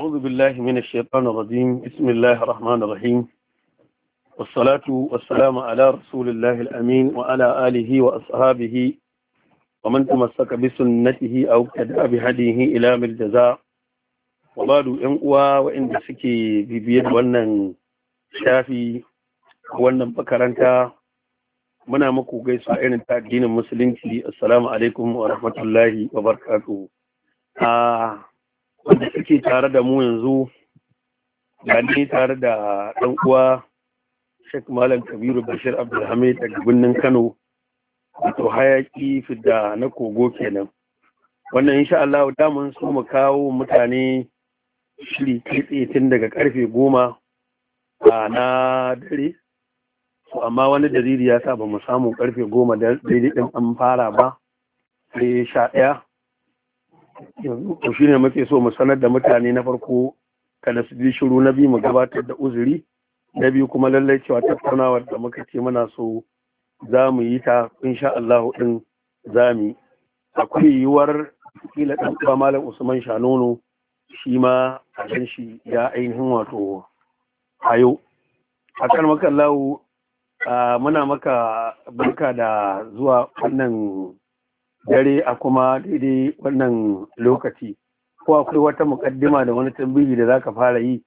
أعوذ بالله من الشيطان الرجيم بسم الله الرحمن الرحيم والصلاة والسلام على رسول الله الأمين وعلى آله وأصحابه ومن تمسك بسنته أو ابتدأ بهديه إلى الجزاء وبعد ينقوى وإن سكي ببيد ونن شافي ونن بكرنتا muna muku gaisuwa irin ta addinin musulunci assalamu alaikum wa rahmatullahi wa barakatuhu wanda suke tare da mu yanzu da ni tare da ɗan uwa Sheikh Malam Kabiru Bashir Abdulhamid daga birnin Kano wato hayaki fidda na kogo kenan wannan insha Allah da mun so mu kawo mutane shiri kai tun daga karfe goma a na dare to amma wani dalili ya sa ba mu samu karfe goma daidai din an fara ba sai sha ɗaya yanzu shi ne muke so mu sanar da mutane na farko da su ji shiru na biyu mu gabatar da uzuri na biyu kuma lallai cewa tattaunawar da muka ce muna so za mu yi ta insha Allah din za mu akwai yiwuwar kila dan uwa malam Usman Shanono shi ma a kan shi ya ainihin wato hayo akan maka lawo muna maka barka da zuwa wannan dare a kuma daidai wannan lokaci ko akwai wata mukaddima da wani tambayi da zaka fara yi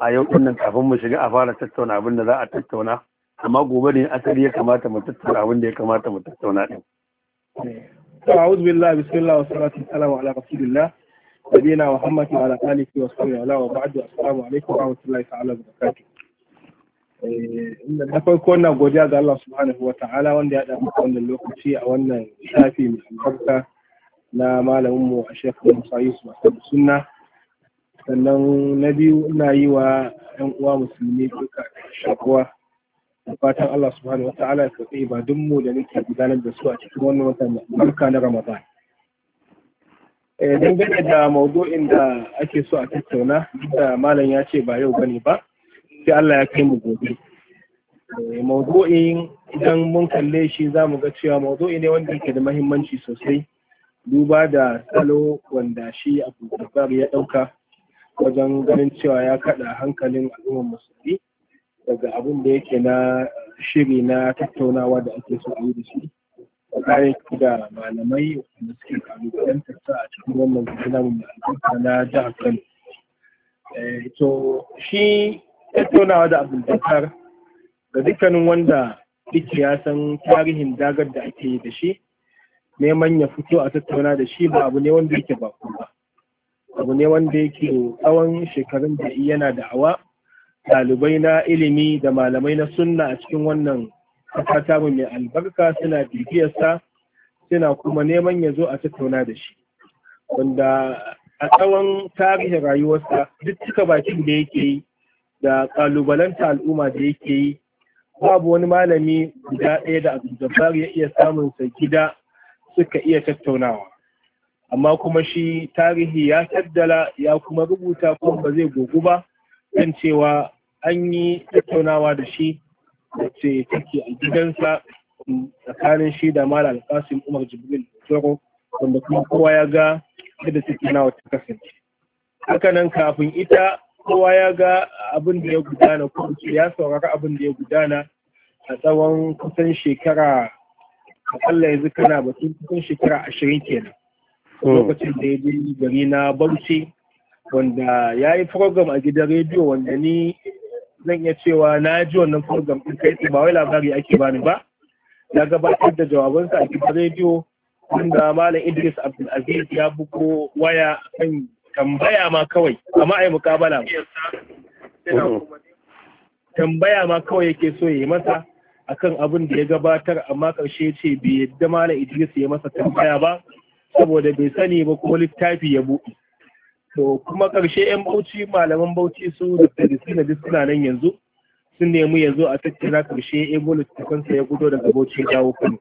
a yau din kafin mu shiga a fara tattauna abin da za a tattauna amma gobe ne asali ya kamata mu tattauna abin da ya kamata mu tattauna din to a'udhu billahi bismillah wa salatu salamu ala rasulillah nabiyina muhammad wa ala alihi wa sahbihi wa ba'du assalamu alaihi wa rahmatullahi wa Eh, na farko na godiya ga Allah subhanahu wa ta'ala wanda ya dafa wannan lokaci a wannan shafi mai albarka na malamin mu a shekaru Musa Yusuf kan Sunna sannan na biyu ina yi wa yan uwa musulmi duka shakuwa da fatan Allah subhanahu wa ta'ala ya karɓi ibadun mu da nake gudanar da su a cikin wannan watan mai albarka na Ramadan eh, dangane da maudu'in da ake so a tattauna da malam ya ce ba yau bane ba sai Allah ya kai mu gobe eh, mawdu'in idan mun kalle shi za mu ga cewa maudui ne wanda yake da mahimmanci sosai duba da salo wanda shi ya ɗauka wajen ganin cewa ya kaɗa hankalin al'ummar musulmi daga abin da yake na shiri na tattaunawa da ake so a yi da shi tsakanin da malamai wanda suke kalubalantar sa a cikin wannan zafi na na jihar kano eh, to shi tattaunawa da abdulbakar ga dukkanin wanda yake ya san tarihin dagar da ake yi da shi neman ya fito a tattauna da shi ba abu ne wanda yake ba ba abu ne wanda yake tsawon shekarun da yana da hawa ɗalibai na ilimi da malamai na sunna a cikin wannan kasa mai albarka suna bibiyarsa suna kuma neman ya zo a tattauna da shi wanda a tsawon tarihin rayuwarsa duk cika bakin da yake yi da kalubalanta al'umma da yake yi babu wani malami guda ɗaya da jabbar ya iya samun sa gida suka iya tattaunawa amma kuma shi tarihi ya taddala ya kuma rubuta kuma ba zai gogu ba kan cewa an yi tattaunawa da shi ce take a gidansa tsakanin shi da mala Kasim umar jibril tsoro wanda kuma kowa ya ga yadda nawa ta kasance hakanan kafin ita kowa ya ga abin da ya gudana ko ya saurari abin da ya gudana a tsawon kusan shekara akalla yanzu kana batun kusan shekara ashirin kenan hmm. lokacin da ya bi gari na bauchi wanda ya yi program a gidan rediyo wanda ni zan iya cewa na ji wannan program ɗin kai ba wai labari ake bani ba ya gabatar da jawabansa a gidan rediyo wanda malam idris abdulaziz ya buko waya kan tambaya ma kawai amma ai mukabala tambaya ma kawai yake so ya yi masa akan abin da ya gabatar amma karshe ya ce bai yadda malam Idris ya masa tambaya ba saboda bai sani ba ko littafi ya buɗe to kuma karshe yan bauchi malaman bauchi su da da suna nan yanzu sun nemi ya zo a tattara karshe ebo littafansa ya gudo daga bauchi dawo kano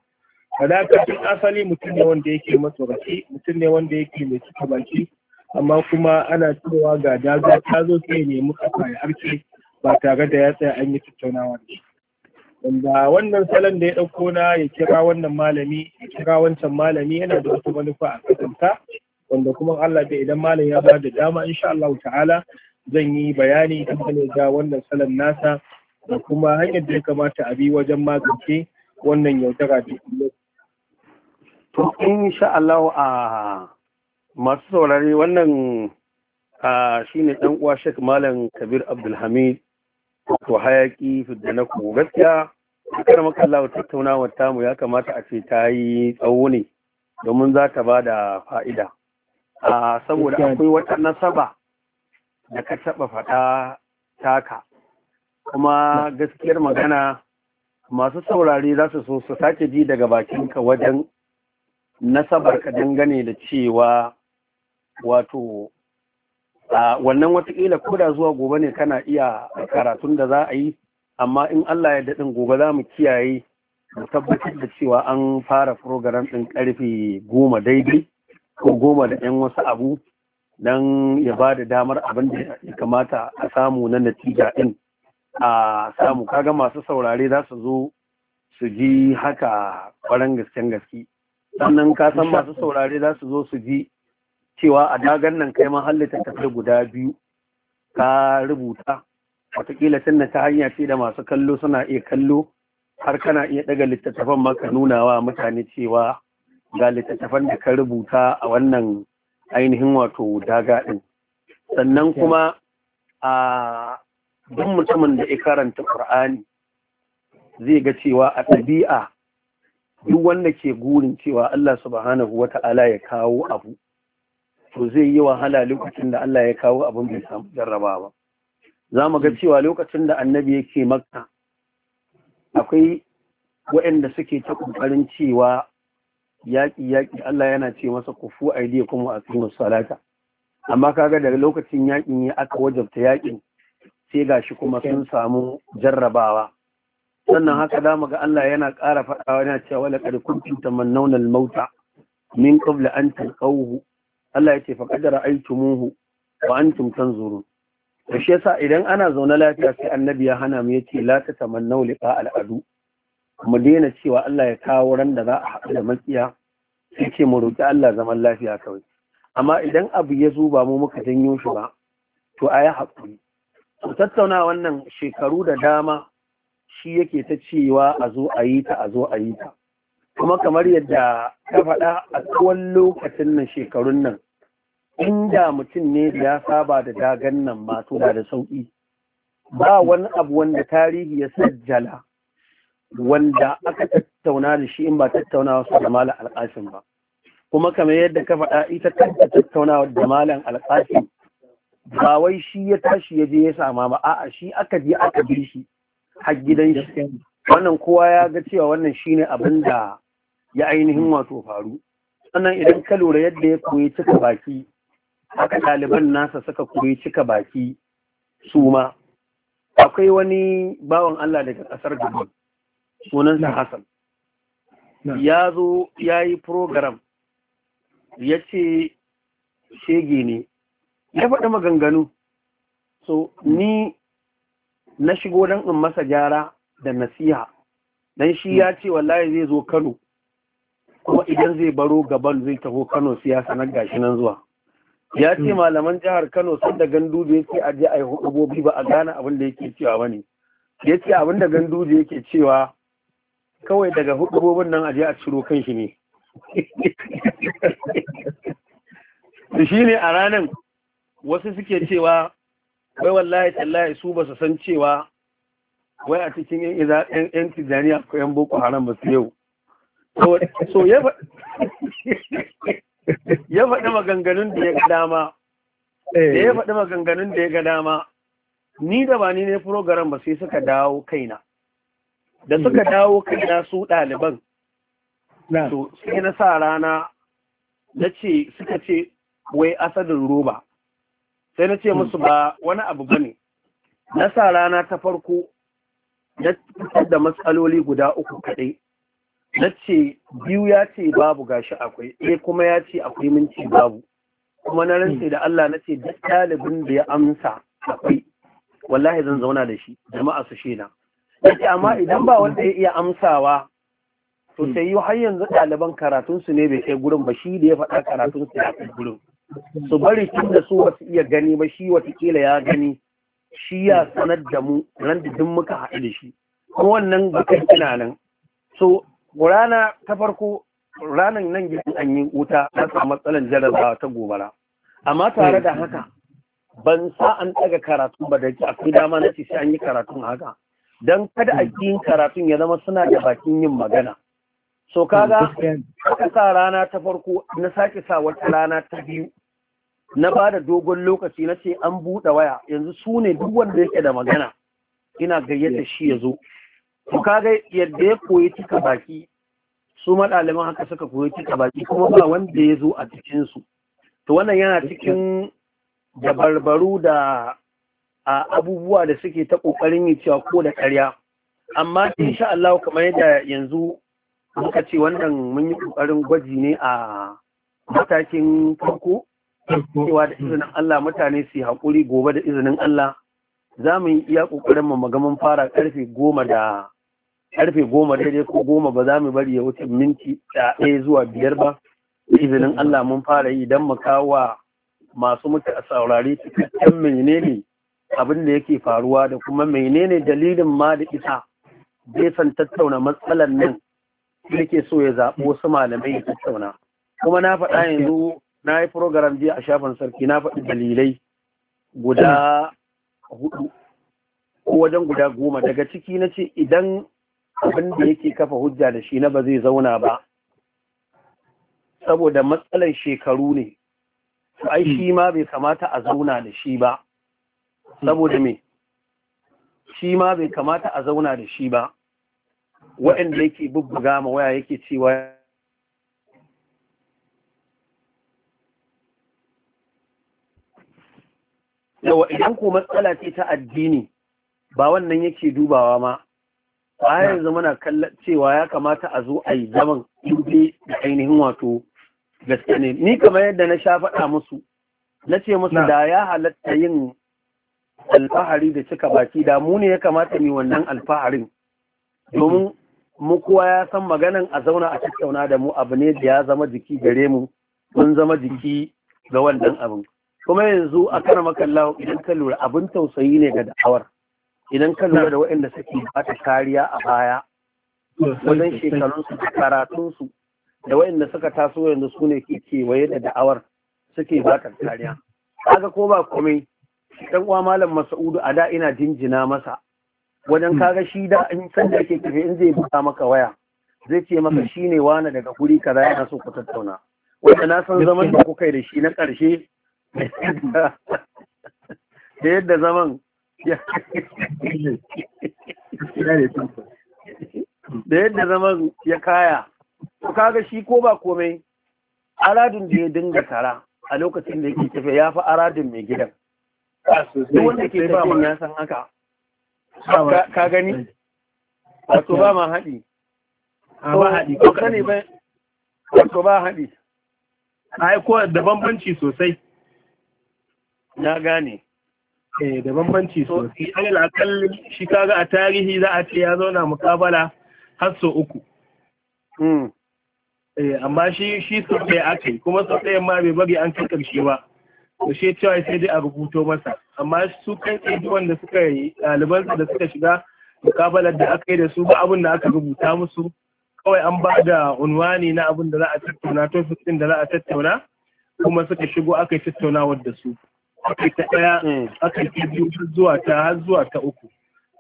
sadaka tun asali mutum ne wanda yake masoraki mutum ne wanda yake mai cika baki amma kuma ana cewa ga daga ta zo yi nemi kafa ya arke ba tare da ya tsaya an yi tattaunawa da shi wanda wannan salon da ya ɗauko na ya kira wannan malami ya kira wancan malami yana da wata manufa a kasanta wanda kuma Allah da idan malam ya ba da dama insha Allah ta'ala zan yi bayani dangane da wannan salon nasa da kuma hanyar da ya kamata a bi wajen magance wannan yaudara da kullum. To insha Allah a masu saurari wannan a shine ɗan uwa shek Malam Kabir Abdulhamid to hayaki fidda na ku gaskiya kar maka Allah tattaunawar tamu ya kamata a ce ta yi tsawo ne domin za ta ba da fa'ida a saboda akwai wata nasaba da ka taɓa faɗa taka kuma gaskiyar magana masu saurari za su so su sake ji daga bakinka wajen nasabar ka dangane da cewa wato a wannan watakila ko da zuwa gobe ne kana iya karatun da za a yi amma in Allah ya daɗin gobe za mu kiyaye mu tabbatar da cewa an fara program ɗin ƙarfe goma daidai ko goma da 'yan wasu abu don ya ba da damar abin da ya kamata a samu na natija ɗin a samu kaga masu saurare za su zo su ji haka kwaran gasken gaske sannan ka san masu saurare za su zo su ji cewa a dagan nan kai ma hallita guda biyu ka rubuta watakila sannan ta hanya ce da masu kallo suna iya kallo har kana iya daga littattafan maka nuna wa mutane cewa ga littattafan da ka rubuta a wannan ainihin wato daga ɗin sannan kuma a duk mutumin da ya karanta ƙur'ani zai ga cewa a ɗabi'a duk wanda ke gurin cewa Allah subhanahu wa ta'ala ya kawo abu to zai yi wahala lokacin da Allah ya kawo abin bai samu jarraba ba za mu ga hmm. cewa lokacin da annabi yake makka akwai waɗanda suke ta ƙoƙarin cewa yaƙi yaƙi Allah yana ce masa kufu aidiya kuma a tsimus salata amma kaga daga lokacin yaƙin ya aka wajabta yaƙin sai gashi kuma sun samu jarrabawa sannan haka da ga Allah yana ƙara faɗawa yana cewa laqad kuntum tamannawna al-mauta min qabl an talqawhu Allah ya ce fa kadara aitumuhu wa antum tanzurun to shi yasa idan ana zaune lafiya sai annabi ya hana mu yace la tamannau liqa al'adu mu daina cewa Allah ya kawo ran da za a haɗu da matsiya sai ce mu roki Allah zaman lafiya kawai amma idan abu ya zo ba mu muka janyo shi ba to a yi haƙuri to tattauna wannan shekaru da dama shi yake ta cewa a zo a yi ta a zo a yi ta kuma kamar yadda ta faɗa a tsawon lokacin nan shekarun nan inda mutum ne da ya saba da dagan nan masu da da sauƙi ba wani abu wanda tarihi ya sajjala wanda aka tattauna da shi in ba tattaunawa su da malam alƙashin ba kuma kamar yadda ka faɗa ita kanta tattaunawa da malam alƙashin ba wai shi ya tashi ya je ya sama ba a'a shi aka je aka bi shi har gidan shi wannan kowa ya ga cewa wannan shine abin da ya ainihin hmm. wato faru sannan idan ka lura yadda ya koyi cika baki haka ɗaliban nasa suka koyi cika baki su ma akwai wani bawan Allah daga ƙasar Gabon sunansa Hassan ya zo ya yi program ya ce shege ne ya faɗi maganganu so ni na shigo don in masa gyara da nasiha don shi ya hmm. ce wallahi zai zo Kano kuma idan zai baro gaban zai taho kano siyasa na gashi nan zuwa ya ce malaman jihar kano sun da gandu ya ce a je a yi hukumobi ba a gane abin da yake cewa ba ne ya ce abin da ganduje yake cewa kawai daga hukumobin nan a a ciro kan shi ne shi ne a ranar wasu suke cewa wai wallahi tallahi su ba su san cewa wai a cikin yan tijjaniya ko yan boko haram ba su yau so ya faɗi maganganun da ya ga dama da eh. ya faɗi maganganun da ya ga dama ni da ba ni ne program ba sai suka dawo kaina da hmm. suka dawo kaina su ɗaliban so sai na sa rana na ce suka ce wai asadin roba sai na ce hmm. musu ba wani abu ba ne na sa rana ta farko na fitar da matsaloli guda uku kaɗai na ce biyu ya ce babu gashi akwai ɗaya kuma ya ce akwai minti babu kuma na rantse da Allah na ce duk ɗalibin da ya amsa akwai wallahi zan zauna da shi jama'a su shena na ce amma idan ba wanda ya iya amsawa to sai yi har yanzu ɗaliban karatunsu ne bai kai gurin ba shi da ya faɗa karatunsu ya kai gurin su bari tun da su su iya gani ba shi watakila ya gani shi ya sanar da mu ran da duk muka haɗu da shi kuma wannan bakan kina nan so rana ta farko ranar nan gidan an yi wuta na samu matsalan jarabawa ta gobara amma tare da hmm. haka ban sa an daga karatun ba da akwai dama na ce sai an yi karatun haka don kada a yin hmm. karatun ya zama suna da bakin yin magana so kaga aka sa rana ta farko na sake sa wata rana ta biyu na ba da dogon lokaci na ce an buɗe waya yanzu su ne duk wanda yake da magana ina gayyata shi ya zo to ga yadda ya koyi cika baki su ɗaliban haka suka koyi cika baki kuma ba wanda ya zo a cikin su to wannan yana cikin dabarbaru da a abubuwa da suke ta kokarin yi cewa ko da ƙarya amma insha Allah kamar yadda yanzu muka ce wannan mun yi kokarin gwaji ne a matakin farko cewa da izinin Allah mutane su haƙuri gobe da izinin Allah za mu yi iya ƙoƙarin mu magaman fara ƙarfe goma da karfe goma daidai ko goma ba za mu bari ya wuce minti ɗaya zuwa biyar ba izinin Allah mun fara yi don mu kawo masu muka a saurari cikakken menene abin da yake faruwa da kuma menene dalilin ma da isa bai san tattauna matsalar nan yake so ya zaɓi wasu malamai ya tattauna kuma na faɗa yanzu na yi program jiya a shafin sarki na faɗi dalilai guda hudu ko wajen guda goma daga ciki na ce idan abin da yake kafa hujja da shi na ba zai zauna ba saboda matsalar shekaru ne ai shi ma bai kamata a zauna da shi ba saboda me shi ma bai kamata a zauna da shi ba waɗanda yake bubbuga ma waya yake cewa yawa idan ko matsala ce ta addini ba wannan yake dubawa ma a yanzu muna kallon cewa ya kamata a zo a yi zaman inda da ainihin wato gaske ne ni kamar yadda na sha faɗa musu na ce musu da ya halatta yin alfahari da cika baki da mu ne ya kamata mu wannan alfaharin domin mu kowa ya san maganan a zauna a tattauna da mu abu ne da ya zama jiki gare mu mun zama jiki ga wannan abin kuma yanzu a kana makalla idan ka lura abin tausayi ne ga da'awar idan ka lura da waɗanda suke bata kariya a baya wajen shekarunsu da karatunsu da waɗanda suka taso yanzu su ne ke kewaye da da'awar suke bata kariya kaga ko ba komai dan uwa malam Mas'udu a da ina jinjina masa wajen hmm. kaga shi da in san da yake tafi in zai buga maka waya zai ce maka hmm. shi ne wani daga guri kaza yana so ku tattauna wanda na san zaman da kuka yi da shi na ƙarshe da yadda zaman da yadda zaman ya kaya to kaga shi ko ba komai aradun da ya dinga tara a lokacin da yake tafiya ya fi aradun mai gidan ah, duk wanda ke tafiyan ya san haka ka gani wato ba ma haɗi ah, ba haɗi ko kane ba wato ba haɗi ai ko da bambanci sosai na gane eh da bambanci sosai eh, alal akal shi kaga a tarihi za a ce ya zauna mukabala har so uku hmm. eh, amma shi shi so ɗaya aka yi kuma so ɗayan ma bai bari an kai ƙarshe ba to shi cewa sai dai a rubuto masa amma su kan tsaye wanda suka yi ɗalibansa da suka shiga mukabalar da aka yi da su ba abin da aka rubuta musu kawai an ba da unwani na abin da za a tattauna to su ɗin da za a tattauna kuma suka shigo aka yi tattaunawar da su aka ta ɗaya mm. aka biyu har zuwa ta har zuwa ta uku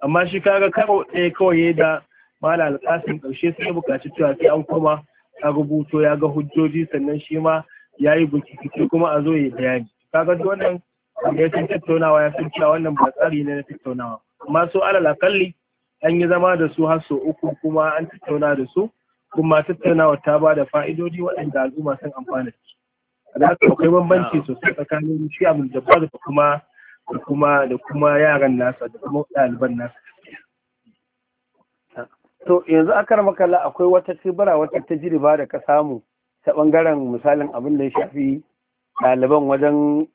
amma shi kaga karo ɗaya kawai ya da mala alƙasin ƙarshe sai ya buƙaci cewa sai an koma a rubuto ya ga hujjoji sannan shi ma ya yi bincike kuma a zo ya bayani kaga duk wannan da tattaunawa ya san wannan ba tsari ne na tattaunawa amma su alal akalli an yi zama da su har sau uku kuma an tattauna da su kuma tattaunawa ta ba da fa'idoji waɗanda al'umma sun amfana da su da akwai bambanci sosai tsakanin shi abin da kuma da kuma da kuma yaran nasa da kuma ɗaliban nasa to yanzu a karama akwai wata tibira wata ta jiriba da ka samu ta bangaren misalin abin da ya shafi ɗaliban wajen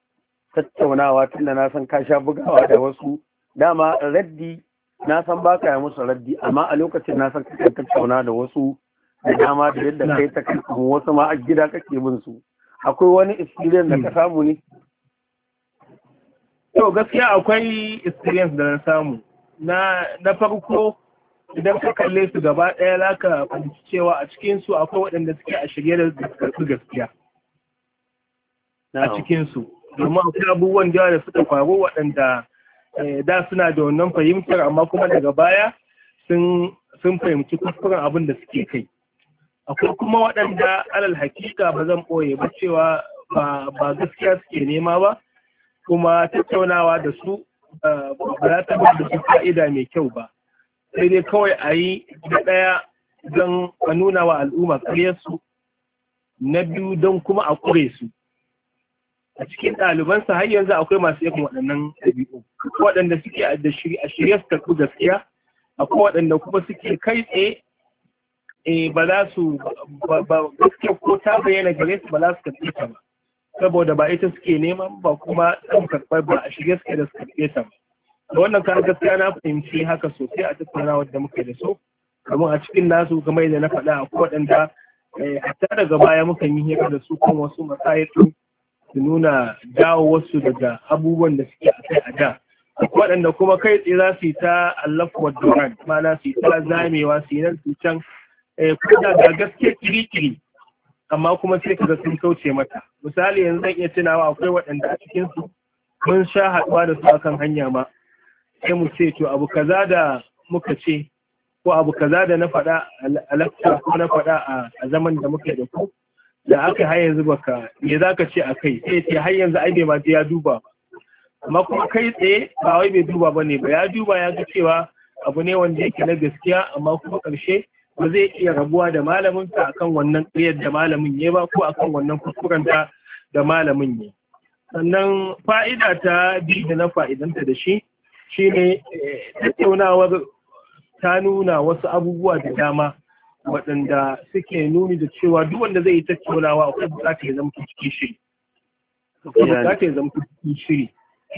tattaunawa tunda na san ka sha bugawa da wasu dama raddi na san baka ya musu raddi amma a lokacin na san ka tattauna da wasu da dama da yadda kai ta kan wasu ma a gida kake bin su akwai wani experience da ka hmm. samu ne to gaskiya akwai experience da na samu na na farko idan ka kalle su gaba ɗaya za ka fahimci cewa a cikin su akwai waɗanda suke a shirye da su gaskiya a cikin su domin akwai abubuwan jawa da suka faru waɗanda eh, da suna da wannan fahimtar amma kuma daga baya sun sun fahimci kuskuren abin da suke kai akwai kuma waɗanda alal hakika ba zan ɓoye ba cewa ba gaskiya suke nema ba kuma tattaunawa da su ba za ta ba da su fa'ida mai kyau ba sai dai kawai a yi da ɗaya don a nuna wa al'umma su na biyu don kuma a kure su a cikin ɗalibansa har yanzu akwai masu yakin waɗannan ɗabi'u waɗanda suke a shirye su tafi gaskiya akwai waɗanda kuma suke kai tsaye eh ba za su ba gaske ko ta bayyana gare su ba za su karɓe ta ba saboda ba ita suke neman ba kuma ɗan karɓar ba a shirye suke da su karɓe ta ba da wannan kan gaskiya na fahimci haka sosai a tattaunawar da muka da su kamar a cikin nasu kamar yadda na faɗa a waɗanda eh, hatta daga baya mukan yi hira da su kan wasu masayatu su nuna dawo wasu daga abubuwan da suke a kai a da waɗanda kuma kai tsaye za su yi ta allafuwar doran ma na su yi ta zamewa su yi nan su can Eh, ko da ga gaske kiri-kiri amma kuma sai kaga sun kauce mata misali yanzu zan iya tunawa akwai waɗanda a cikin su mun sha haɗuwa da su akan hanya ma sai mu ce to abu kaza da muka ce ko abu kaza da na faɗa a lakta ko na faɗa a zaman da muka da ku da aka har yanzu baka me za ka ce a kai sai ce har yanzu ai bai ma ya duba amma kuma kai tsaye ba wai bai duba ba ne ba ya duba ya ga cewa abu ne wanda yake na gaskiya amma kuma ƙarshe ba zai iya rabuwa da malaminsa akan wannan ƙiyar da malamin ya ba ko akan wannan kuskuren da malamin ya sannan fa'ida ta bi da na fa'idanta da shi shi ne eh, tattaunawar ta nuna wasu abubuwa da dama waɗanda suke nuni da cewa duk wanda zai yi tattaunawa akwai buƙatar ya zama cikin shiri akwai buƙatar ya zama cikin shiri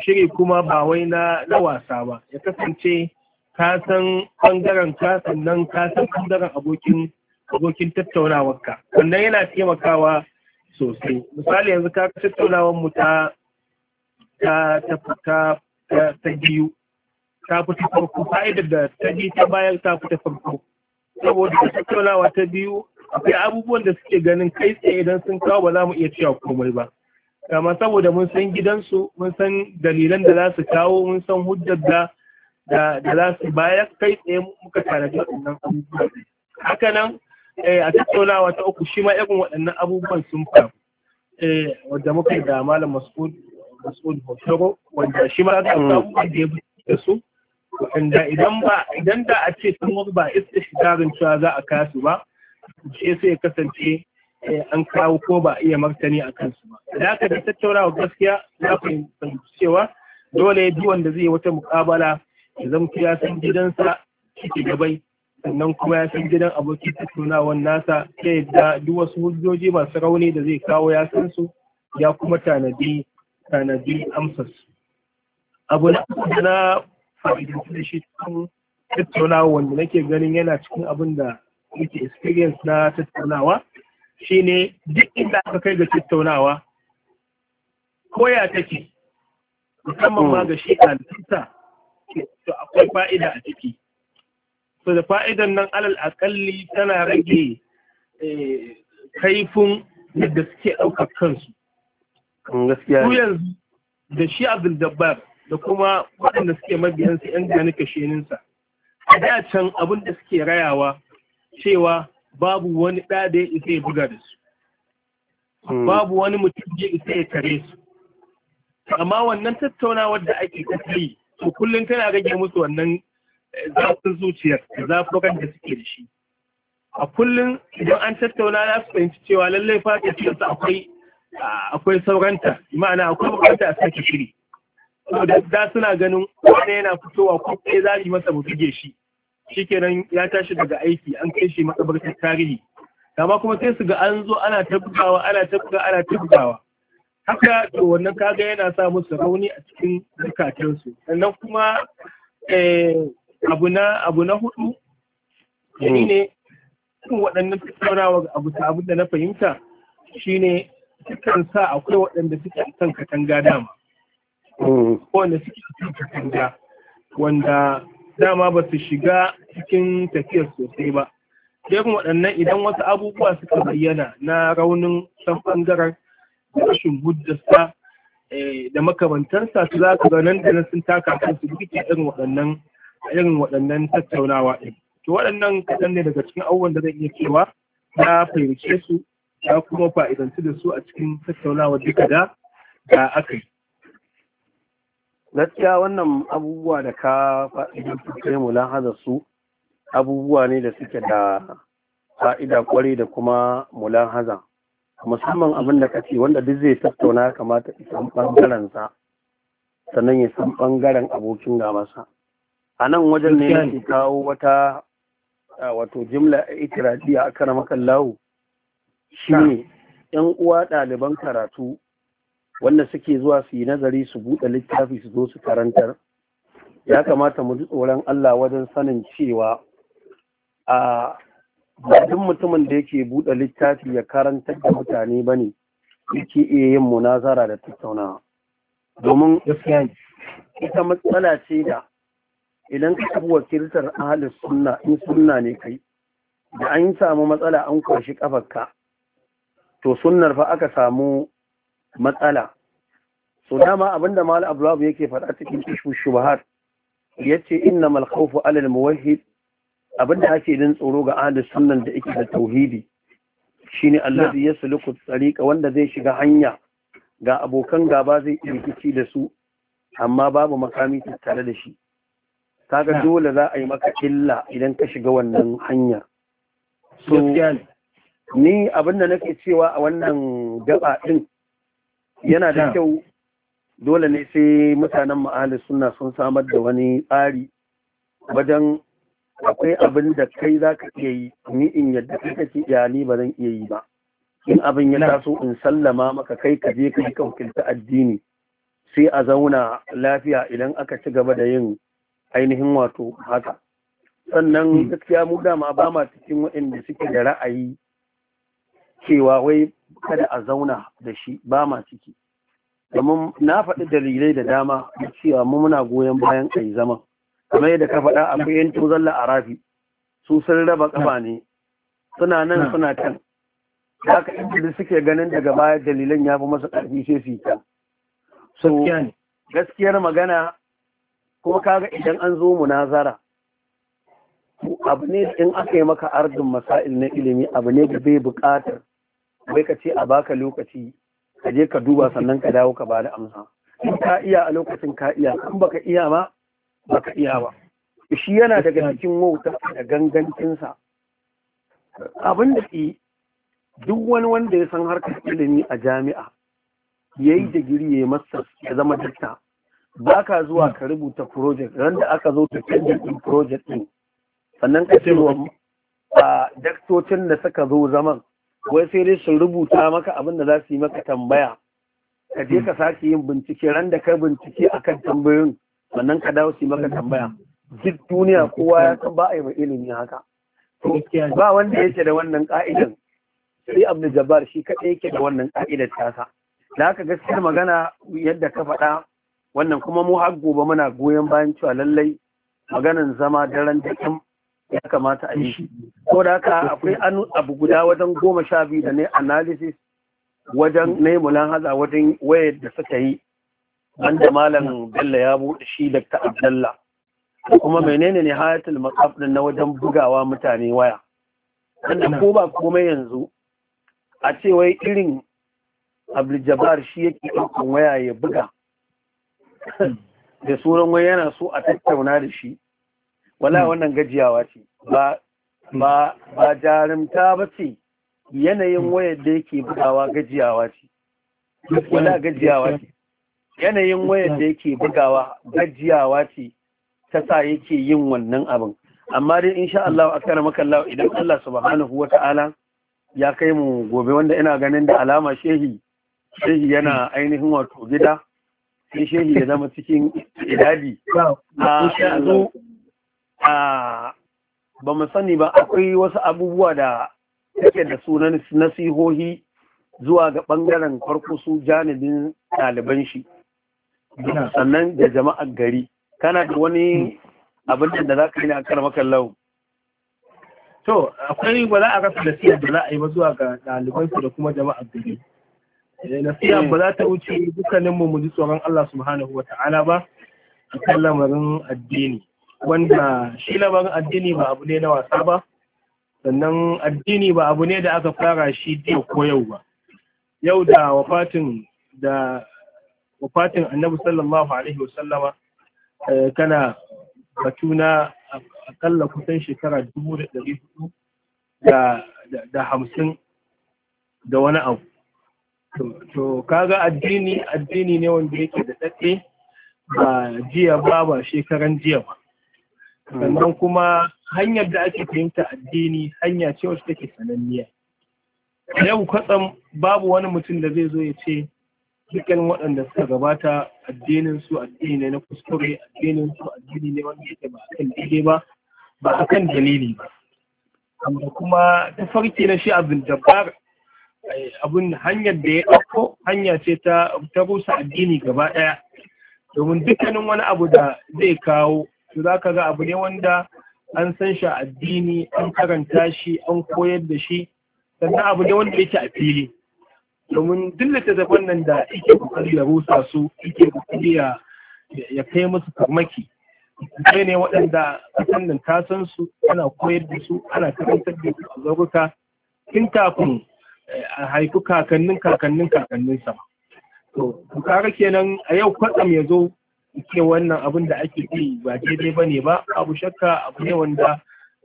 shiri kuma ba wai na wasa ba ya kasance ka san ɓangaren ka sannan ka san ɓangaren abokin abokin tattaunawarka wannan yana taimakawa sosai misali yanzu ka tattaunawar mu ta ta ta ta biyu ta fi ta farko fa'idar da ta biyu ta bayan ta fi ta farko saboda ta tattaunawa ta biyu akwai abubuwan da suke ganin kai tsaye idan sun kawo ba za mu iya cewa komai ba amma saboda mun san gidansu mun san dalilan da za su kawo mun san hujjar da da za su bayar kai tsaye muka da waɗannan abubuwan haka nan eh, a tattaunawa ta uku shi ma irin waɗannan abubuwan sun faru eh, wadda muka yi da malam masud masud hotoro wanda shi ma ga abubuwan mm. da ya da su wanda idan ba idan da a ce sun wasu ba iska shigarin cewa za a kasu ba shi sai ya kasance eh, an kawo ko ba iya martani a kansu ba da aka da tattaunawa gaskiya na fahimci cewa dole ya bi wanda zai yi wata mukabala ya ku ya san gidansa ciki gabai sannan kuma ya san gidan abokin tattaunawan nasa ta yadda duk wasu hujjoji masu rauni da zai kawo ya san su ya kuma tanadi tanadi amsar su abu na na fa'idantu da shi cikin tattaunawa wanda nake ganin yana cikin abin da yake experience na tattaunawa shine duk inda aka kai ga tattaunawa koya take musamman ma ga shi a to akwai fa'ida a ciki to da fa'idan nan alal akalli tana rage eh, kaifin da suke ɗaukar kansu Ku yanzu da shi abdul dabbar da kuma waɗanda suke mabiyansa yan gani kasheninsa a da can abin da suke rayawa cewa babu wani ɗa da ya isa ya buga da su hmm. babu wani mutum da ya isa ya tare su amma wannan tattaunawar da ake ta to kullum tana rage musu wannan eh, zafin zuciyar da zafukan da suke da shi a kullum idan an tattauna za su fahimci cewa lallai fata cikinsu akwai akwai sauranta ma'ana akwai bukata a sake shiri da da suna ganin wani yana fitowa ko ɗaya za yi masa buge shi shikenan ya tashi daga aiki an kai shi makabartar tarihi amma kuma sai su ga an zo ana tabbawa ana tabbawa ana tabbawa haka to wannan kaga yana sa musu rauni a cikin zukatansu sannan kuma eh, abu na abu na hudu shi ne cikin waɗannan tattaunawa ga abu abu da na fahimta shine sukan sa akwai waɗanda suke kan katanga dama ko mm. wanda suke kan katanga wanda dama ba su shiga cikin tafiyar sosai ba sai waɗannan idan wasu abubuwa suka bayyana na raunin san ɓangaren rashin hujjarsa eh, da makamantarsa su za ka nan da sun taka su duke irin waɗannan irin waɗannan tattaunawa ɗin to waɗannan kaɗan ne daga cikin abubuwan da zan iya cewa na fahimce su ya kuma fa'idantu da su a cikin tattaunawa duka da da aka yi gaskiya wannan abubuwa da ka fa'idanci kai lahaza su abubuwa ne da suke da fa'ida kwarai da kuma mulahaza musamman abin da kace wanda duk zai tattauna kamata ya san bangaren sa sannan ya san bangaren abokin gabansa a nan wajen ne nake kawo wata wato jimla itiradiya a makan lawo shine yan uwa ɗaliban karatu wanda suke zuwa su yi nazari su buɗe littafi su zo su karantar ya kamata mu ji tsoron Allah wajen sanin cewa a ba duk mutumin da yake buɗe littafi ya karanta da mutane ba ne yake iya yin munazara da tattaunawa domin ita matsala ce da idan ka tafi wakiltar ahalis sunna in sunna ne kai da an samu matsala an kwashi kafarka to sunnar fa aka samu matsala so dama abinda mal abu yake faɗa cikin ishu yace innamal khawfu alal muwahhid abinda ake jin tsoro ga ahli sunnan da yake da tauhidi shine allazi yasluku tsariqa wanda zai shiga hanya ga abokan gaba zai rikici da su amma babu makami tare da shi kaga dole za a yi maka illa idan ka shiga wannan hanya so ni abinda nake cewa a wannan gaba din yana da kyau dole ne sai mutanen ahli suna sun samar da wani tsari wajen akwai abin da kai za ka iya yi ni in yadda kai kake iya ni ba zan iya yi ba in abin ya taso in sallama maka kai ka je ka ka wakilta addini sai a zauna lafiya idan aka ci gaba da yin ainihin wato haka sannan hmm. gaskiya mu ma ba ma cikin waɗanda suke da ra'ayi cewa wai kada a zauna da shi ba ma ciki domin na faɗi dalilai da dama cewa mu muna goyon bayan a yi zama kamar yadda ka faɗa akwai yan tuzan la'arafi su sun raba kafa ne suna nan hmm. suna can haka da suke ganin daga baya dalilan ya fi masa ƙarfi sai su yi can so gaskiyar magana kuma kaga idan an zo munazara abu ne in aka yi maka ardin masail na ilimi abu ne da bai buƙatar bai ka ce a baka lokaci ka je ka duba sannan ka dawo ka ba da amsa ka iya a lokacin ka iya in baka iya ma baka iya ba shi yana daga cikin wauta da gangancinsa abin da ke duk wani wanda ya san harkar ilimi a jami'a ya yi digiri ya yi masters ya zama dakta ba ka zuwa ka rubuta project ran da aka zo ta canjin ɗin project ɗin sannan ka ce wa daktocin da suka zo zaman wai sai dai su rubuta maka abin da za su yi maka tambaya ka je ka sake yin bincike ran da ka bincike akan tambayoyin sannan ka dawo su maka tambaya duk duniya kowa ya san ba a yi mai ilimi haka ba wanda yake da wannan ka'idan sai abu jabbar shi kaɗai yake da wannan ka'idar tasa da haka gaskiyar magana yadda ka faɗa wannan kuma mu har gobe muna goyon bayan cewa lallai maganan zama daren dakin ya kamata a yi shi ko da haka akwai abu guda wajen goma sha biyu da ne analysis wajen na yi haza wajen wayar da suka yi wanda malam bello ya buɗe shi dakta abdallah kuma menene ne hayatul maqaf na wajen bugawa mutane waya wanda ko ba komai yanzu a ce wai irin abdul shi yake ɗaukan waya ya buga da sunan wani yana so a tattauna da shi wala wannan gajiyawa ce ba ba ba jarumta ba ce yanayin wayar da yake bugawa gajiyawa ce wala gajiyawa ce yanayin wayan da yake bugawa gajiyawa ce ta sa yake yin wannan abin amma dai insha Allah a kara maka Allah idan Allah subhanahu wata'ala ya kai mu gobe wanda ina ganin da alama shehi shehi yana ainihin wato gida sai shehi ya zama cikin idadi a ba mu sani ba akwai wasu abubuwa da take da sunan nasihohi zuwa ga ɓangaren farko su janibin ɗaliban shi sannan da jama'ar gari kana da wani hmm. abin da za ka yi na maka lau to akwai ba za a rasa da za a yi ba zuwa ga su da kuma jama'ar gari eh, Na siya hmm. ba za ta wuce dukkaninmu mu ji tsoron Allah subhanahu wa ta'ala ba a kan lamarin addini wanda shi lamarin addini ba abu ne na wasa ba sannan addini ba abu ne da aka fara shi jiya ko yau ba yau da wafatin da wafatin annabi sallallahu alaihi wasallama eh, kana batu na akalla kusan shekara dubu da da wani abu to kaga addini addini ne wanda yake da daɗe ba jiya ba ba shekaran jiya ba sannan kuma hanyar da ake fahimta addini hanya ce wacce take sananniya yau kwatsam babu wani mutum da zai zo ya ce cikin waɗanda suka gabata addinin su addini ne na kuskure addinin su addini ne wanda yake ba akan daidai ba ba akan dalili ba amma kuma ta farki na shi abin jabbar eh, abin hanyar da ya ɗauko hanya ce ta ta rusa addini gaba ɗaya domin dukkanin wani abu da zai kawo to za ka ga abu ne wanda an san shi addini an karanta shi an koyar da shi sannan abu ne wanda yake a fili domin duk littattafan nan da ike kokari ya rusa su ike kokari ya ya kai musu farmaki kai ne waɗanda kasan nan ta san su ana koyar da su ana karantar da su a zauruka tun kafin eh, a haifi kakannin kakannin kakannin sa to kukara kenan a yau kwatsam ya zo ke wannan abin da ake yi ba daidai ba ne ba abu shakka abu ne wanda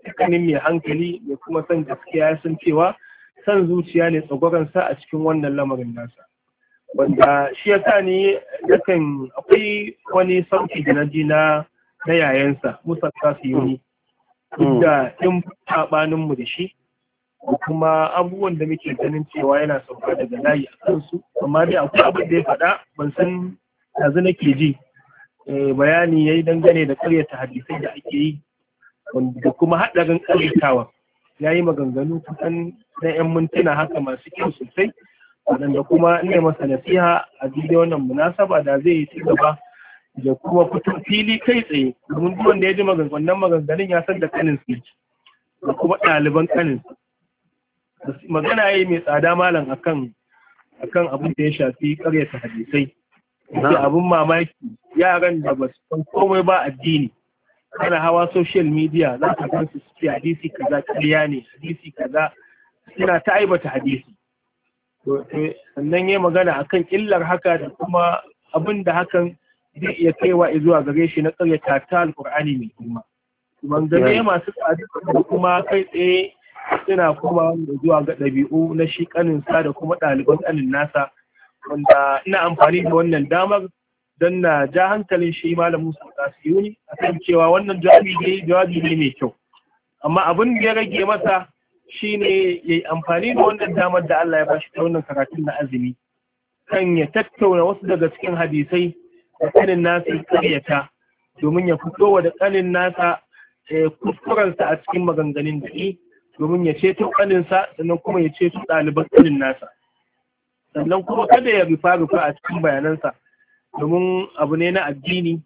dukkanin mai hankali mai kuma san gaskiya ya san cewa san zuciya ne tsagoransa a cikin wannan lamarin nasa wanda shi ya sa ni yakan akwai wani sauki da na ji na na yayansa musa kasiyoni da in sabanin mu da shi kuma abubuwan da muke ganin cewa yana sauka daga layi a kansu amma dai akwai abin da ya faɗa ban san yanzu nake ji eh, bayani ya yi dangane da karyata hadisai da ake yi da kuma haɗarin karyatawa ya yi maganganu kusan na 'yan mintuna haka masu kyau sosai waɗanda kuma ina masa nasiha a daidai wannan munasaba da zai yi ci gaba da kuma fito fili kai tsaye domin duk wanda ya ji maganganun maganganun ya san da kanin su da kuma ɗaliban kanin magana ya yi mai tsada malam akan akan abin da ya shafi karyata hadisai abin mamaki yaran da ba su san komai ba addini ana hawa social media za ka san su ce hadisi kaza kariya ne hadisi kaza suna ta aibata hadisi sannan ya magana akan illar haka da kuma abin da hakan zai iya kaiwa zuwa gare shi na karyata ta alkur'ani mai girma manzanni masu tsari kuma kai tsaye suna kuma zuwa ga ɗabi'u na shi kanin sa da kuma ɗaliban kanin nasa wanda ina amfani da wannan damar don na ja hankalin shi malam Musa su yi a kan cewa wannan jawabi ne jawabi ne mai kyau amma abin da ya rage masa shine ya yi amfani da wannan damar da Allah ya bashi ta wannan karatun na azumi kan ya tattauna wasu daga cikin hadisai da kanin nasa ya karyata domin ya fito da kanin nasa eh, kuskurensa a cikin maganganun da yi domin ya ceto kaninsa sannan kuma ya ceto ɗaliban kanin nasa sannan kuma kada ya rufa rufa a cikin bayanansa domin abu ne na addini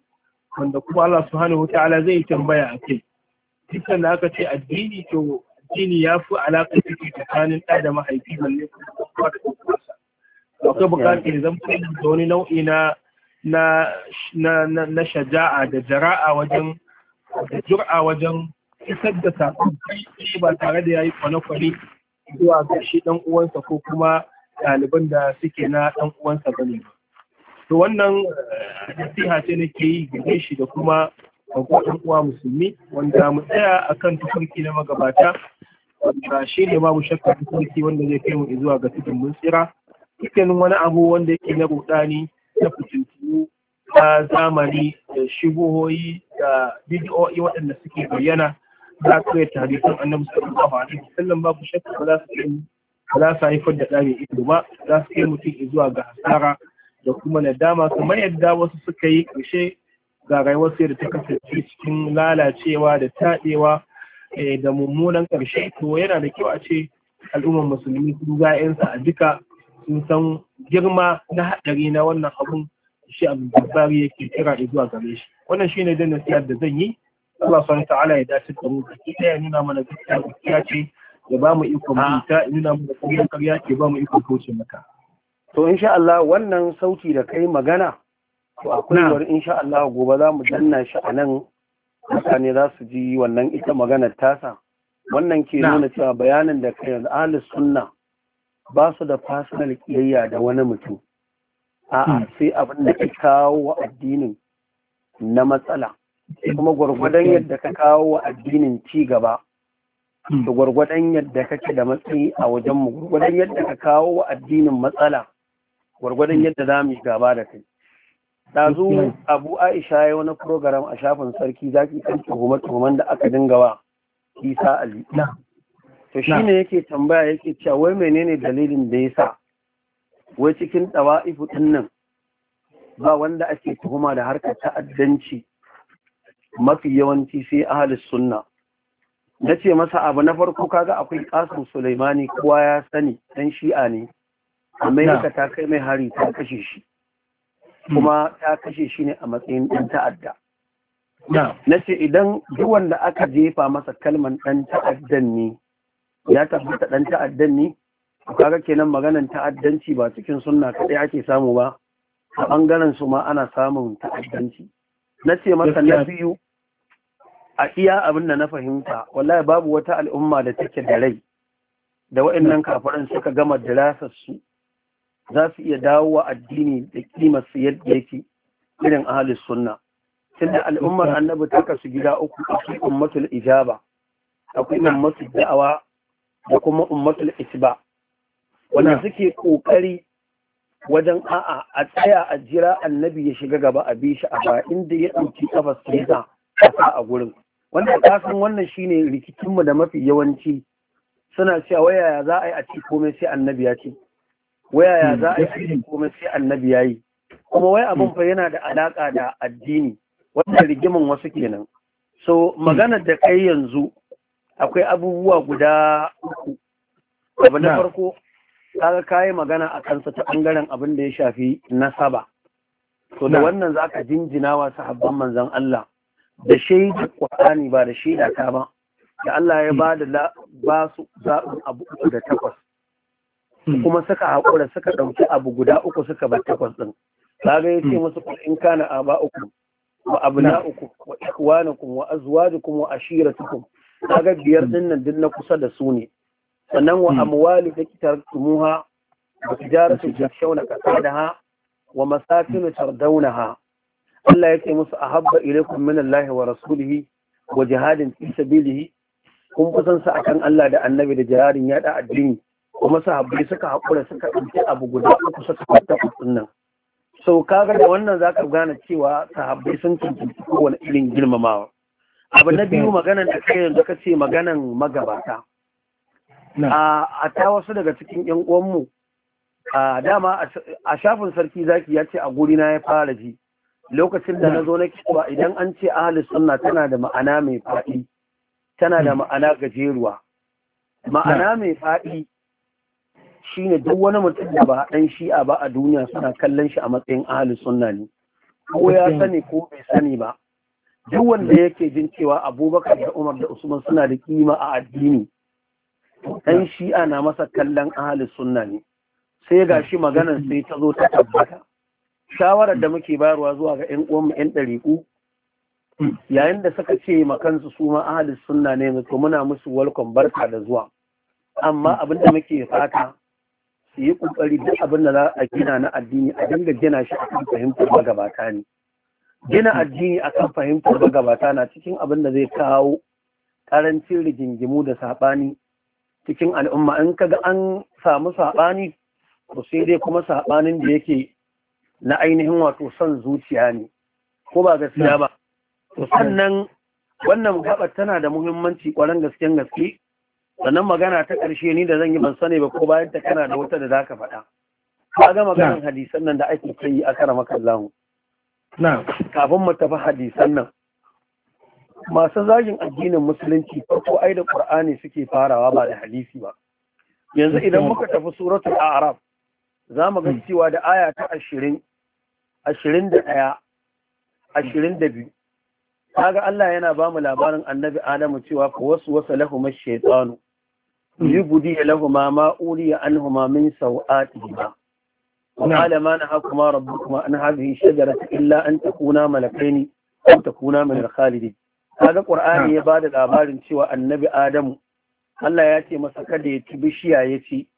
wanda kuma Allah subhanahu wata'ala zai tambaya a kai dukkan da aka ce addini to addini ya fi alaƙa ciki tsakanin ɗa da mahaifi balle kuma da akwai buƙatar zan fahimta da wani nau'i na na na shaja'a da jara'a wajen da jur'a wajen isar da sakon kai ba tare da yayi kwane-kwane zuwa ga shi uwansa ko kuma ɗaliban da suke na ɗan uwansa bane ba to wannan eh, nasiha ce nake yi game shi da kuma ɗan uwa musulmi wanda mu tsaya a kan tufarki na magabata wanda shi ne babu shakka tufarki wanda zai kai mu zuwa ga tudun mun tsira dukkanin wani abu wanda yake na rudani na fitintunu na zamani da shigohoyi da bidiyoyi waɗanda suke bayyana za ka yi tarihin annabi sallallahu alaihi wasallam babu shakka ba za su haifar da ɗa mai ido ba za su kai mutum zuwa ga hasara da kuma nadama kamar yadda wasu suka yi ƙarshe ga rayuwar sai da ta kasance cikin lalacewa da taɗewa eh, da mummunan ƙarshe to yana da kyau a ce al'ummar musulmi sun ga yansa a duka sun san girma na haɗari na wannan abun shi abdulbari yake kira zuwa gare shi wannan shine da nasiyar da zan yi Allah subhanahu ta'ala ya dace da mu ki ya nuna mana gaskiya ce ya ba mu iko mu ta nuna mana kuma ƙarya ce ba mu iko kocin maka to insha Allah wannan sauti da kai magana to akwai war insha Allah gobe za mu danna shi a nan mutane za su ji wannan ita maganar tasa wannan ke nuna cewa bayanin da kai yanzu sunna ba su da personal kiyayya da wani mutum a'a hmm. sai abin da ka kawo wa addinin na matsala kuma gwargwadon yadda ka kawo wa addinin ci gaba da hmm. gwargwadon yadda kake da matsayi a wajen mu gwargwadon yadda ka kawo wa addinin matsala gwargwadon yadda za mu yi gaba da kai ɗazu abu aisha ya wani program a shafin sarki zaki kan tuhumar-tuhumar da aka dinga wa isa ali to shi ne yake tambaya yake cewa wai menene dalilin da ya sa wai cikin ɗawa'ifu ɗin nan ba wanda ake tuhuma da harka ta'addanci mafi yawanci sai ahalis sunna na ce masa abu na farko kaga akwai kasim sulaimani kowa ya sani ɗan shi'a ne amerika ta kai mai hari ta kashe shi kuma hmm. ta kashe shi ne a matsayin ɗan ta'adda na ce idan duk wanda aka jefa masa kalman ɗan ta'addan ne ya tabbata ɗan ta'addan ne kaga kenan maganan ta'addanci ba cikin sunna kaɗai ake samu ba a ɓangaren su ma ana samun ta'addanci na ce masa na biyu a iya abin da na fahimta wallahi babu wata al'umma da take da rai da waɗannan kafaran suka gama dirasar su za su iya dawo wa addini da kimar su yadda yake irin ahalus sunna tunda al'ummar annabi ta kasu gida uku akwai ummatul ijaba akwai ummatul da'awa da kuma ummatul isba. wanda suke kokari wajen a'a a tsaya a jira annabi ya shiga gaba a bi shi a ba inda ya ɗauki kafas kesa a sa a gurin wanda ka san wannan shine rikicinmu da mafi yawanci suna cewa waya za a yi a ci komai sai annabi ya ce waya ya hmm, za a yi komai sai annabi ya yi kuma wai abin hmm. fa yana da alaƙa da addini wanda rigimin wasu kenan so magana da kai yanzu akwai abubuwa guda uku abu na farko kaga kayi magana a kansa ta bangaren abin da ya shafi nasaba to da wannan za ka jinjina wa sahabban manzan Allah da shaida Qur'ani ba da shaida ta ba da Allah ya hmm. bada da ba su zaɓin abu da takwas Hmm. kuma suka haƙura suka ɗauki abu guda uku suka bar takwas ɗin kaga ya ce hmm. musu kul in kana aba uku wa uku, wa ikhwanukum wa azwajukum wa ashiratukum kaga biyar din hmm. nan duk na kusa da su ne sannan wa amwali da kitartumuha wa kasa da ha, wa masakin tardawnaha Allah ce musu ahabba ilaikum min Allah wa rasulihi wa jihadin fi sabilihi kun kusan sa akan Allah da annabi da jihadin yada addini kuma sahabbai suka haƙura suka ɗauki abu guda uku suka fita kutsun nan so kaga da wannan zaka gane cewa sahabbai sun tuntunci kowane irin girmamawa abu na biyu magana da kai yanzu ka ce maganan magabata a ta wasu daga cikin yan uwanmu a dama a shafin sarki zaki ya ce a gurina ya fara ji lokacin da na zo na cewa idan an ce ahli sunna tana da ma'ana mai faɗi tana da mm. ma'ana gajeruwa ma'ana mai faɗi shine duk wani mutum da ba dan shi'a ba a duniya suna kallon shi a matsayin ahli sunna ne ko ya sani ko bai sani ba duk wanda yake jin cewa abubakar da umar da usman suna da kima a addini dan shi'a na masa kallon ahli sunna ne sai ga shi maganar sai ta zo ta tabbata shawarar da muke bayarwa zuwa ga yan uwanmu yan ɗariƙu yayin da suka ce makansu su ma ahli sunna ne to muna musu walkon barka da zuwa amma abin da muke fata yi kokari duk abin da za a gina na addini a dinga gina shi akan fahimtar magabata ne gina addini akan fahimtar magabata na cikin abin da zai kawo karancin rigingimu da saɓani cikin al'umma in kaga an samu saɓani to sai dai kuma saɓanin da yake na ainihin wato son zuciya ne ko ba gaskiya ba to sannan wannan gaba tana da muhimmanci ƙwarar gaske gaske sannan magana ta ƙarshe ni da zan yi ban sani ba ko bayan ta kana da wata da za ka faɗa ka ga maganar hadisan nan da ake yi a kara makallahu kafin mu tafi hadisan nan masu zagin addinin musulunci farko ai da qur'ani suke farawa ba da hadisi ba yanzu idan muka tafi suratul Arab, za mu ga hmm. cewa da aya ta 20 21 22 kaga Allah yana ba mu labarin annabi Adamu cewa ku wasu wasa lahu shaytanu yubudi لهما ما أولي عنهما من سوآتهما وقال ما نهاكما ربكما عن هذه الشجرة إلا أن تكونا ملكين أو تكونا من الخالدين هذا القرآن يبعد الآبار سوى النبي آدم Allah ya ce masa kada ya ci bishiya ya ci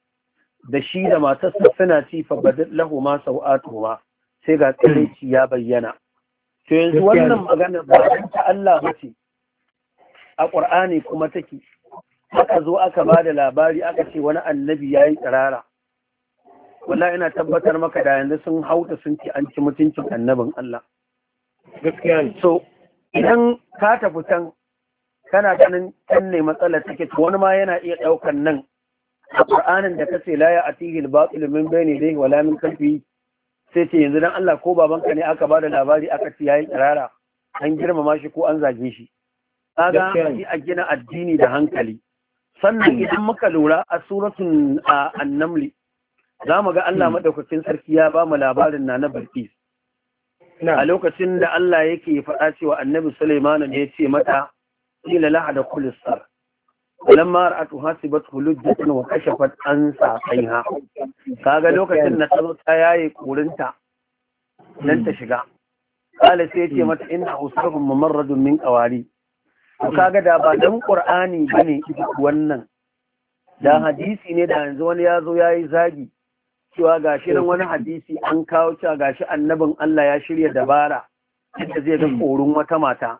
da shi da matarsa suna ci fa badal lahuma sau'atuhuma sai ga tsiraici ya bayyana to yanzu wannan magana ba ta Allah ce a kuma take aka zo aka ba da labari aka ce wani annabi ya yi tsirara walla ina tabbatar maka da yanzu sun hauta sun ci an ci mutuncin annabin Allah gaskiya so idan ka tafi can kana ganin can ne matsalar take wani ma yana iya ɗaukar nan a Qur'anin da kace la ya atihi al-batil min bayni dai wala min kalfi sai ce yanzu dan Allah ko babanka ne aka ba da labari aka ci yayi tsirara an girmama shi ko an zage shi kaga a gina addini da hankali sannan idan muka lura a suratun annamli za mu ga Allah hmm. maɗaukakin sarki ya ba mu labarin na na a lokacin da Allah yake faɗa cewa annabi Suleimanu ne ya ce mata ila lahada kulisar ma ra'atu hasibat hulujjatan wa kashafat an saqaiha kaga lokacin da tsaro ta yaye kurinta nan ta hmm. shiga qala sai ya ce mata inna usrahum mamarradun min qawari to kaga da ba dan qur'ani bane wannan da hadisi ne da yanzu wani ya zo zagi cewa gashi nan wani hadisi an kawo cewa gashi annabin Allah ya shirya dabara yadda zai ga korun wata mata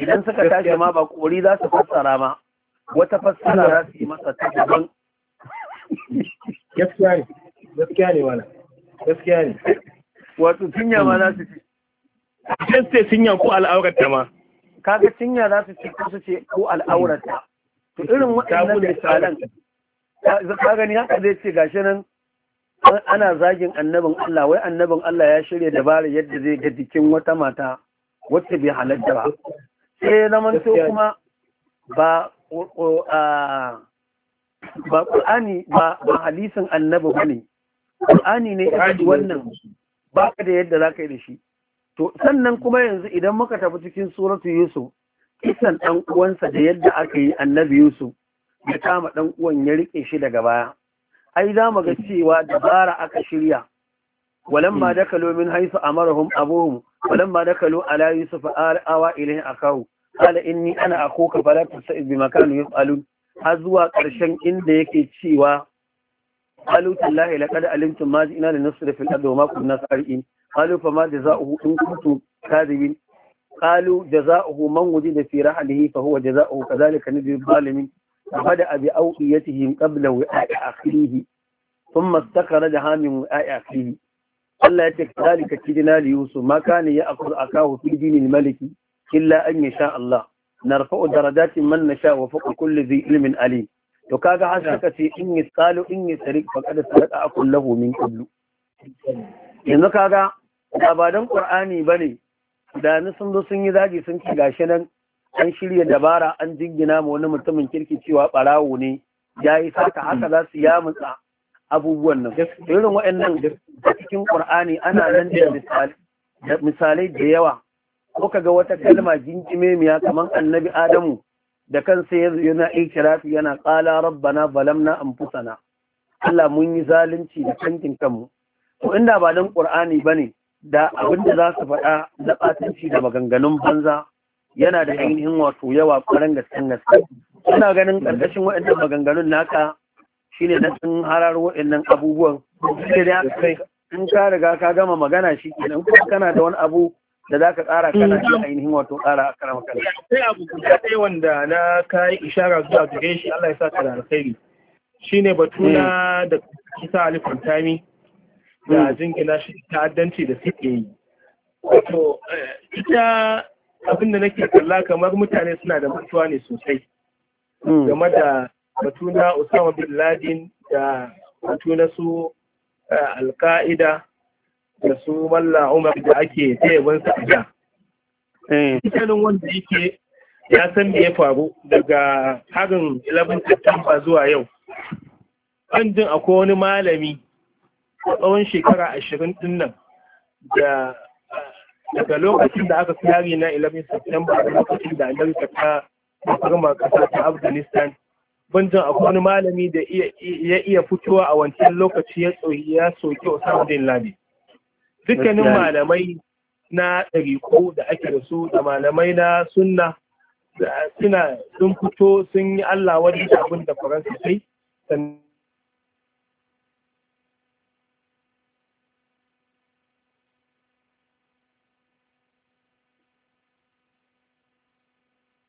idan suka tashi ma ba kori za su fassara ma wata fassara za su yi masa ta daban gaskiya ne gaskiya ne wala gaskiya ne wato tunya ma za su ci sai tunya ko al'aurar ta ma kaga cinya za su ce ko su ce ko al'aurata to irin waɗannan misalan ka gani haka zai ce gashi nan ana zagin annabin Allah wai annabin Allah ya shirya dabarar yadda zai ga jikin wata mata wacce bai halatta ba sai zaman to kuma ba ba Qur'ani ba ba hadisin annabi bane Qur'ani ne ya wannan ba ka da yadda zaka yi da shi To sannan kuma yanzu idan muka tafi cikin suratu Yusuf, kisan ɗan uwansa da yadda aka yi annabi Yusuf ya kama ɗan uwan ya riƙe shi daga baya. Ai za mu ga cewa dabara aka shirya. Walan ma da kalo min haisu a marahun abuhun, walan ma da kalo ala Yusuf a awa ilayin a ala inni ana a koka Sa'id sa izbi makanu har zuwa ƙarshen inda yake cewa, Alutun lahi laƙada alimtun maji ina da nasu da fil'adu ma kun nasu ar'in. قالوا فما جزاؤه إن كنتم كاذبين قالوا جزاؤه من وجد في رحله فهو جزاؤه كذلك نجزي الظالمين فبدأ بأوئيتهم قبل وعاء أخيه ثم استخرجها من وعاء أخيه الله يتك ذلك كدنا ليوسف ما كان يأخذ أخاه في دين الملك إلا أن يشاء الله نرفع درجات من نشاء وفوق كل ذي علم عليم to kaga har suka ce in yi tsalo in yi tsari faƙada su raɗa akun lahu min kullu yanzu kaga da ba don ƙur'ani ba ne da ni sun zo sun yi zagi sun ci gashi nan an shirya dabara an jingina ma wani mutumin kirki cewa ɓarawo ne ya yi sata haka za su yamutsa abubuwan nan irin waɗannan a cikin ƙur'ani ana nan da misalai da yawa ko ka ga wata kalma jinjimemiya kamar annabi adamu da kansa yana ikirafi yana ƙala rabbana balamna anfusana Allah mun yi zalunci da kankin kanmu to inda ba dan ba bane da abin da za su faɗa na ɓatanci da maganganun banza yana da ainihin wato yawa ƙwarar gaskin gaske ina ganin ƙarƙashin waɗannan maganganun naka shine na sun harar waɗannan abubuwan in ka riga ka gama magana shi kenan kuma kana da wani abu da za ka ƙara kana da ainihin wato ƙara a karama makarai. sai abu guda ɗaya wanda na kayi ishara zuwa gare shi Allah ya sa ka da alkhairi shine batu na hmm. da kisa alifantami da hmm. jingina shi ta'addanci da suke yi wato ita abin da nake kalla kamar mutane suna da mutuwa ne sosai hmm. game da batu na Osama bin Laden da batu na su eh, al da su Malla Umar da ake tayyaban sa a da. Eh. wanda yake ya san me ya faru daga harin 11 September zuwa yau. An akwai wani malami a tsawon shekara ashirin din nan daga lokacin da aka kare na 11 september da lokacin da Amerika ta farma kasa ta Afghanistan ban akwai wani malami da ya iya fitowa a wancan lokaci ya tsohi ya soke Osama bin Laden dukkanin malamai na ɗariko da ake da su da malamai na sunna suna sun fito sun yi Allah wani abin da Faransa sai sannan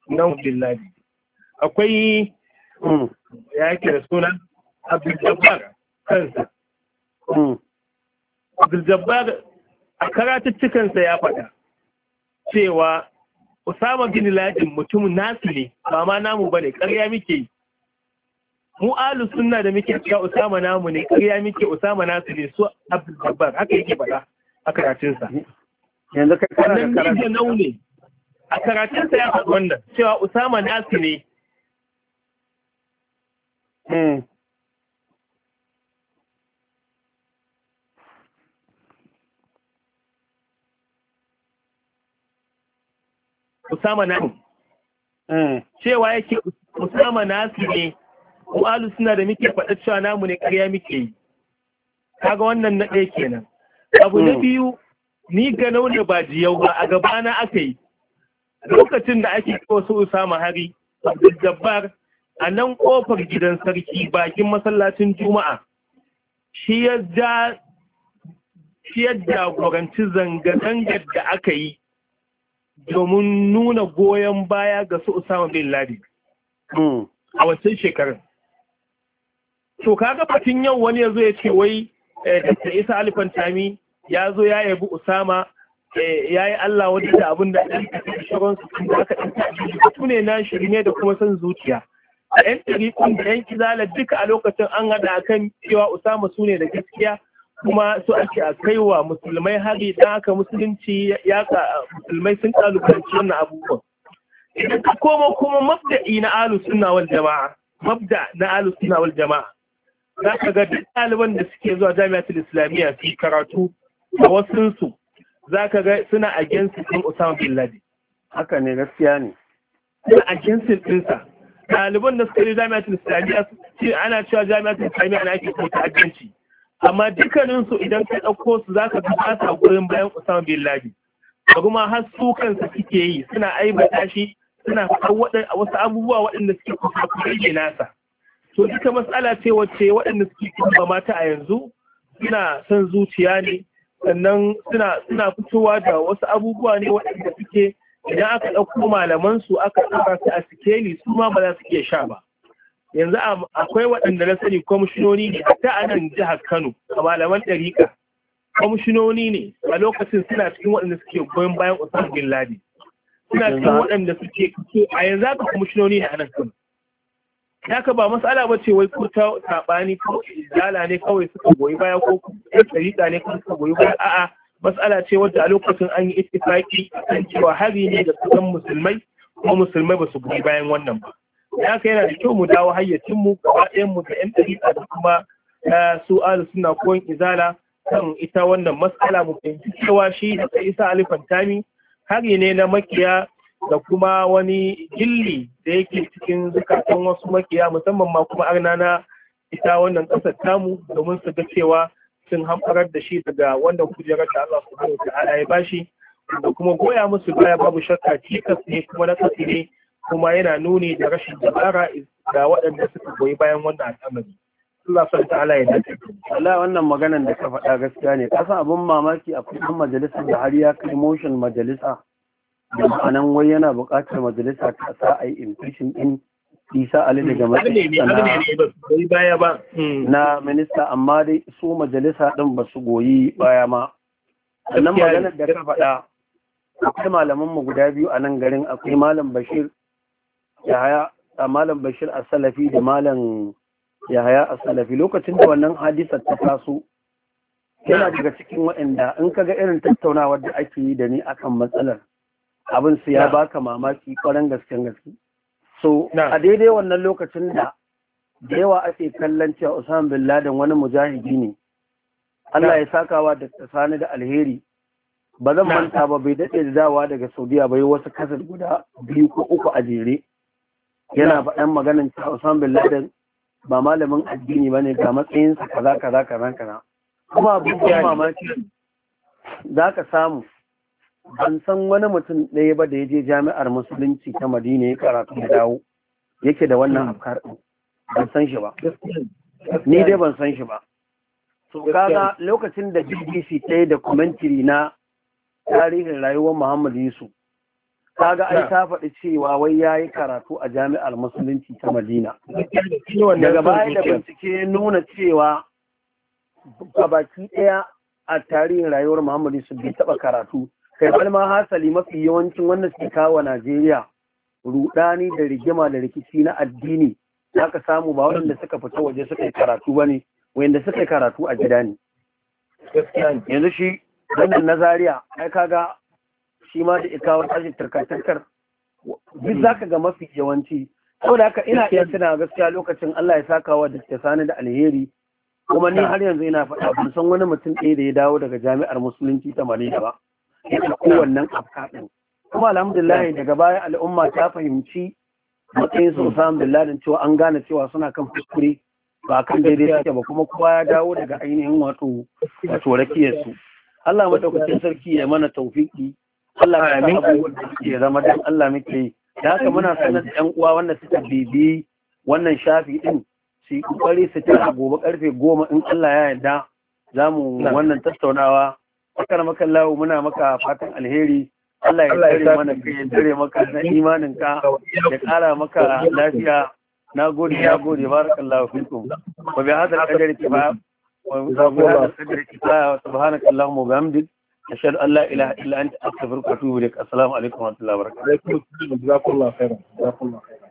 nan akwai hmm, ya yake da suna abdul kansa hmm. abdul a a karatuttukansa ya faɗa cewa Usama bin Laden mutum nasu ne ba ma namu ba ne ƙarya muke yi mu alu suna da muke cewa Usama namu ne ƙarya muke Usama nasu ne su Abdul haka yake faɗa a karatunsa yanzu kai kana da karatunsa. a karatunsa ya faɗi wannan cewa usama nasu ne hmm. Usama nan. Hmm. Cewa yake Usama nasu ne, U'alu suna da muke faɗa cewa namu ne ƙarya muke yi. Kaga wannan na ɗaya kenan. Abu na hmm. biyu, ni ga nauna ba jiyau ba a gabana aka yi. lokacin da ake ko su Usama Hari Abdul a nan kofar gidan sarki bakin masallacin Juma'a shi ya ja shi ya jagoranci zanga-zangar da aka yi domin nuna goyon baya ga su Usama bin Ladi, hmm. a wancan shekarun to kaga fatin yau wani yazo ya ce wai eh, da Isa Alifan Tami ya zo ya yabi Usama Eh, ya yi Allah wajen da abin da ɗan shirin su da aka ɗan su ne na shirme da kuma son zuciya a yan ɗariƙun da yan kizala duka a lokacin an haɗa kan cewa usama su ne da gaskiya kuma su ake a wa musulmai hari don haka musulunci ya ka musulmai sun kalubalanci wannan abubuwan idan ka koma kuma mabda'i na alu suna wal jama'a mabda na alu suna wal jama'a za ka ga duk ɗaliban da suke zuwa jami'atul islamiyya su karatu a su. za ka ga suna against ɗin Osama bin Laden haka ne gaskiya ne suna agensin ɗinsa ɗaliban da suka yi jami'atul islamiyya ana cewa tun islamiyya ana ake kuma ta'addanci amma dukkaninsu idan ka ɗauko su za ka ga ba gurin bayan Osama bin Laden Ka kuma har su kansa suke yi suna aibata shi suna faɗan wasu abubuwa waɗanda suke kusa ne nasa to duka matsala ce wacce waɗanda suke kuma mata a yanzu suna son zuciya ne sannan suna suna fitowa da wasu abubuwa ne waɗanda suke idan aka ɗauko malaman su aka ɗauka su a sikeli su ma ba za su iya sha ba yanzu akwai waɗanda na sani kwamishinoni ne ta a nan jihar Kano a malaman ɗariƙa kwamishinoni ne a lokacin suna cikin waɗanda suke goyon bayan Usman bin Laden suna cikin waɗanda suke a yanzu haka kwamishinoni ne a nan Kano haka ba matsala ba ce wai ko ta saɓani ko izala ne kawai suka goyi baya ko ɗan ɗariƙa ne kawai suka goyi baya a'a matsala ce wadda a lokacin an yi istifaki kan cewa hari ne da kusan musulmai kuma musulmai ba su goyi bayan wannan ba ya kai yana da kyau mu dawo hayyacinmu gaba ɗayan mu da ƴan ɗariƙa da kuma su sunna suna koyon izala kan ita wannan matsala mu fahimci cewa shi da isa alifantami hari ne na makiya da kuma wani gilli da yake cikin zukatan wasu makiya musamman ma kuma arna na ita wannan ƙasar tamu domin su ga cewa sun hamfarar da shi daga wannan kujerar da Allah su ta'ala ya bashi da kuma goya musu baya babu shakka cikas ne kuma na kasi ne kuma yana nuni da rashin dabara da waɗanda suka goyi bayan wannan al'amari Allah san ta'ala ya dace Allah wannan maganan da ka faɗa gaskiya ne kasan abin mamaki a kudin majalisar da har ya kai motion majalisa da wai yana buƙatar majalisa ta sa a yi impression ɗin, isa ali daga hmm, hmm. na minista amma dai su majalisa din ba su goyi baya ma sannan maganar da ka faɗa akwai malaman mu guda biyu a nan garin akwai malam bashir yahaya a malam bashir a salafi da malam yahaya a salafi lokacin da wannan hadisa ta taso yana daga cikin waɗanda in ka ga irin tattaunawar da ake yi da ni akan matsalar abin su ya baka mamaki kwarin gasken gaske so a daidai wannan lokacin da da yawa ake kallon cewa Usman bin Laden wani mujahidi ne Allah ya sakawa da sani da alheri ba zan manta ba bai daɗe da dawa daga Saudiya bai wasu kasar guda biyu ko uku a jere yana ba ɗan maganin cewa Usman bin Laden ba malamin addini ba ne ga matsayinsa kaza kaza kaza kaza kuma abin mamaki za ka samu ban san wani mutum ɗaya ba da ya je jami'ar musulunci ta madina ya karatu ya dawo yake da wannan hmm. afkar ban san shi ba ni dai ban san shi ba to kaga lokacin da BBC ta yi dokumentari na tarihin rayuwar Muhammad Yusuf kaga an ta faɗi cewa wai ya yi karatu a jami'ar musulunci ta Madina daga baya da bincike nuna cewa a baki ɗaya a tarihin rayuwar Muhammad Yusuf bai taɓa karatu kai malama hasali mafi yawancin wanda suke wa Najeriya rudani da rigima da rikici na addini ka samu ba waɗanda suka fita waje suka yi karatu ba ne wanda suka yi karatu a gida ne yanzu shi wannan na ai kaga shi ma da ikawar tashi tarkatarkar duk za ka ga mafi yawanci saboda haka ina iya tuna gaskiya lokacin Allah ya saka wa da sani da alheri kuma ni har yanzu ina faɗa ban san wani mutum ɗaya da ya dawo daga jami'ar musulunci ta Malaysia ba yana kowannen afka ɗin kuma alhamdulillah daga baya al'umma ta fahimci matsayin su mm. alhamdulillah din cewa an gane cewa suna kan kuskure ba kan daidai suke ba kuma kowa ya dawo daga ainihin wato wato rakiyar su Allah madaukakin sarki ya mana tawfiki Allah ya abubuwan da zama dan Allah muke da haka muna sanar da yan uwa wanda suka bibi wannan shafi din su yi kokari su tara gobe karfe goma in Allah ya yarda za mu wannan tattaunawa akar maka lawo muna maka fatan alheri Allah ya tsare mana kai ya tsare maka na imanin ka ya kara maka lafiya na gode barakallahu fikum wa bi hadal qadari kifaya wa bi hadal qadari kifaya wa subhanakallahumma wa bihamdik ashhadu an la ilaha illa anta astaghfiruka wa atubu ilaik assalamu alaikum wa rahmatullahi wa barakatuh jazakumullahu khairan jazakumullahu khairan